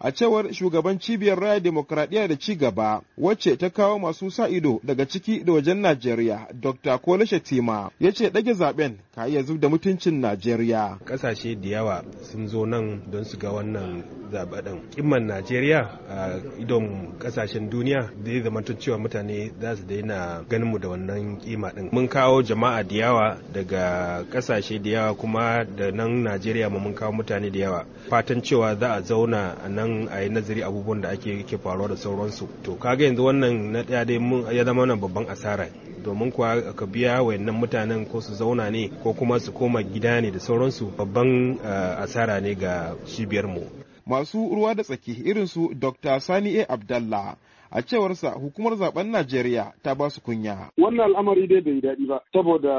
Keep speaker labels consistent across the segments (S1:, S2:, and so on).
S1: a cewar shugaban cibiyar raya demokradiyya da ci gaba wacce ta kawo masu sa ido daga ciki da wajen najeriya dr kole shetima ya ce ɗage zaben ka iya zub da mutuncin Najeriya.
S2: Kasashe da yawa sun zo nan don su ga wannan zaɓaɗin. Kimman Najeriya a idon kasashen duniya zai zama cewa mutane za su daina ganin mu da wannan kima ɗin. Mun kawo jama'a da yawa daga kasashe da yawa kuma da nan Najeriya ma mun kawo mutane da yawa. Fatan cewa za a zauna a nan a yi nazari abubuwan da ake ke faruwa da sauransu. To kaga yanzu wannan na ɗaya dai ya zama wannan babban asara. domin kuwa ka biya wayannan mutanen ko su zauna ne ko kuma su koma gida ne da sauransu babban eh, asara ne ga cibiyarmu. Masu ruwa
S1: da tsaki irin su Dr. Sani A. Abdallah a cewarsa hukumar zaben Najeriya ta ba su kunya.
S3: Wannan al'amari dai bai daɗi ba saboda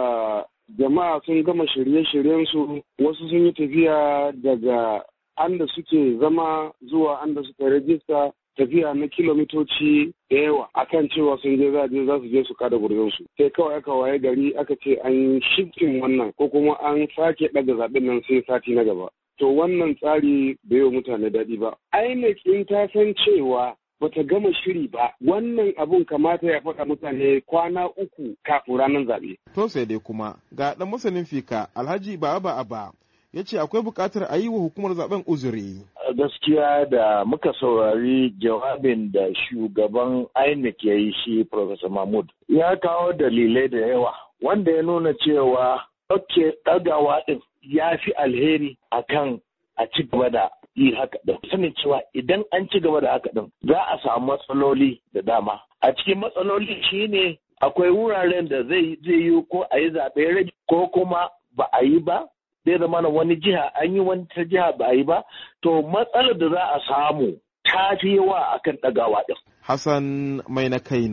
S3: jama'a sun gama shirye shiryen su, wasu sun yi tafiya daga anda suke zama zuwa anda suka rajista tafiya na kilomitoci da yawa A kan cewa sun je za je za su je su kada su sai kawai aka waye gari aka ce an shifkin wannan ko kuma an sake ɗaga zaɓen nan sai sati na gaba to wannan tsari bai wa mutane daɗi ba INEC in ta san cewa bata gama shiri ba wannan abun kamata ya faɗa mutane
S1: kwana uku kafin ranar zaɓe. To sai dai kuma ga ɗan masanin fika Alhaji ba ba a ba. ya ce akwai buƙatar a yi wa hukumar zaben uzuri. Gaskiya
S4: da muka saurari jawabin da shugaban INEC ya yi shi Professor Mahmud ya kawo dalilai da yawa wanda ya nuna cewa ɗauke ɗagawa ɗin ya fi alheri akan a ci gaba da yi haka ɗin. Sanin cewa idan an ci gaba da haka ɗin za a samu matsaloli da dama. A cikin matsaloli shine akwai wuraren da zai yi ko a yi zaɓe ko kuma ba a yi ba sai zama na wani jiha an yi wani ta jiha ba a yi ba to matsalar da za a samu ta fi yawa akan ɗagawa ɗin.
S1: Hassan mai na kai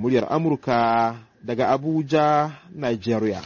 S1: muryar Amurka daga Abuja, Nigeria.